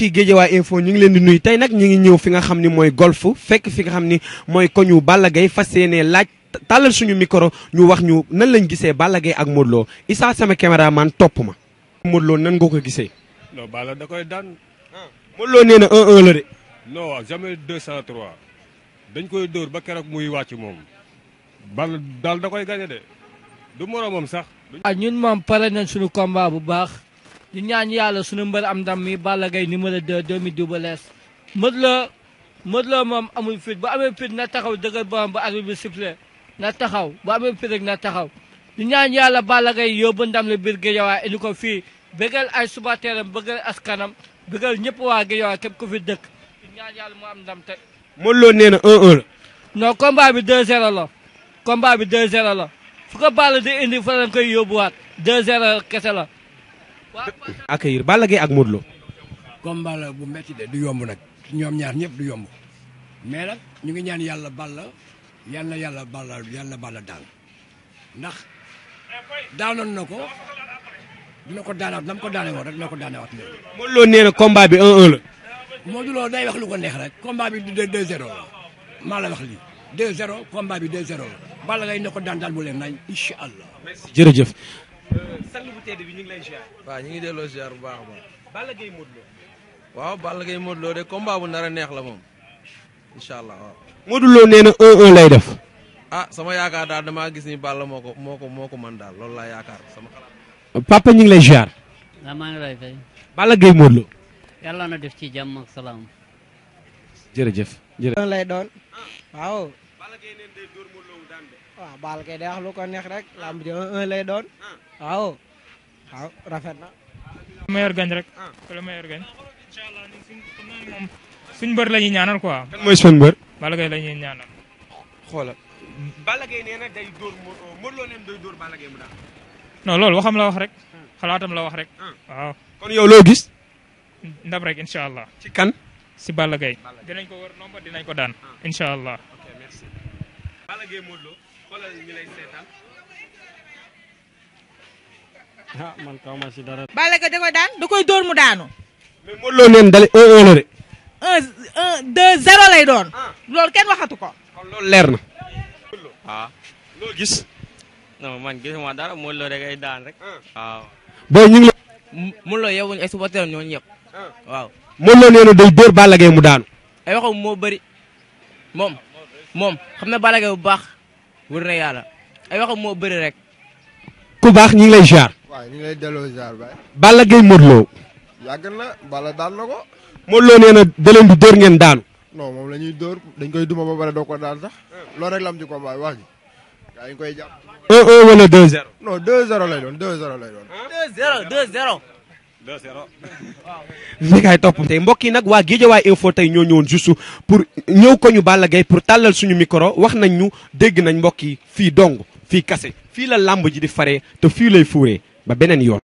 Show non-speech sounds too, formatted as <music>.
mbokki waa info ñu ngi leen di nuyu tey nag ñu ngi ñëw fi nga xam ni mooy golf fekk fi nga xam ni mooy ko koñu Balla gay fas yéene laaj tàllal suñu micro ñu wax ñu nan lañ gisee Balla gay ak Modou Lo Issa sama caméraman topp ma. Modou Lo nan nga ko gisee. non Balla da koy dan ah. Modou Lo nee na 1 la de. non jamais 203 dañ koy dóor ba keroog muy wàcc moom Balla daal da koy gañe de du moroomam sax. ah ñun moom pare nañ suñu combat bu baax. di ñaan yàlla sunu mbër am ndam mi Balla Gaye numéro 2 doomi Double Less Modou Lo Modou moom amul fit bu amee fit na taxaw dëggal borom ba arbitre bi na taxaw bu amee fit na taxaw di ñaan yàlla Balla Gaye yóbbu ndam la biir Guédiawaye indi ko fii bëggal ay subateeram bëggal askanam bëggal ñëpp waa Guédiawaye képp ku fi dëkk di ñaan yàlla mu am ndam te Modou Lo nee na 1-1 bi 2-0 la combat bi 2-0 la fu ko Balla di indi fa lañ koy kese la accueillir Balla Gaye ak Modou Lo. bu metti de du yomb nag ñoom ñaar ñëpp du yomb mais nag ñu ngi ñaan yàlla Balla yal na yàlla Balla yal na Balla daal ndax daanoon na ko dina ko daanaat na mu ko daaneewoon rek dina ko daaneewaat léegi. Modou Lo nee na combat bi 1-1 la. day wax lu ko neex rek combat bi du 2-0 la maa la wax lii 2-0 combat bi 2-0 la Balla Gaye na ko daan daal bu leen nañ incha allah. jërëjëf. tedd ñu ngi lay waaw ñu ngi delloo ziar bu baax a baax. Balla waaw Balla Lo de combat bu nar a neex la moom incha allah waaw. Modou Lo nee na 1 lay def. ah sama yaakaar daal damaa gis ni Balla moo ko moo ko moo daal loolu laa yaakaar sama xalaat. papa ñu ngi lay ziar. waaw maa ngi lay fay. Balla na def ci jàmm ak salaam. jërëjëf. jërëjëf lay doon waaw. Ah. waaw Balla Gaye lu ko neex rek lamb ji 1-1 lay doon ah. waaw rafet na. lu meilleur gañ rek. que ah. mayor meilleur gañ. incha allah suñ moom la ñaanal quoi. kan mooy suñ mbër. Balla Gaye la ñuy ñaanal. xoolal. Balla Gaye nee na day dóor Modou Lo neen day dóor Balla waxam la wax rek. xalaatam la wax rek. Ah. waaw. kon yow loo gis. ndam rek incha ci kan. si Balla Gaye. dinañ ko dinañ ko daan. Ah. incha ah man kaw si dara. Balla Gaye daan da koy dóor mu daanu. mais Modou neen dale un de. un un deux lay doon. Ah. loolu waxatu ko. kon leer na. waaw ah. loo daan rek. Ah. waaw. booy ñu la. Modou Lo yeewuñu ay supporteurs ñooñu ñëpp. waaw. Modou Lo nee na day dóor Balla mu daanu. ay waxam moo bëri moom moom xam na Balla Gaye bu baax wër na yàlla ay waxam moo bari rek. ku baax ñu ngi lay jaar. waaw ñu ngi lay delloo ziar baay. Balla Gaye Modou Lo. yàgg na Balla daan na ko. Modou Lo nee na da leen di dóor ngeen daanu. non moom la ñuy dóor dañ koy duma ba pare doo ko daan sax loolu rek la am ci combat wax ji gaa yi ñu koy jàpp. 1-1 lay doon 2-0 lay doon. 2-0 <laughs> tey mbokk yi nag waa Guédiawaye info tey ñoo ñëwoon juste pour ñëw ko ñu Balla pour tàllal suñu micro wax nañ ñu dégg nañ mbokk yi fii dong fii kase fii la làmb ji di faree te fii lay fuuree. ma beneen yoon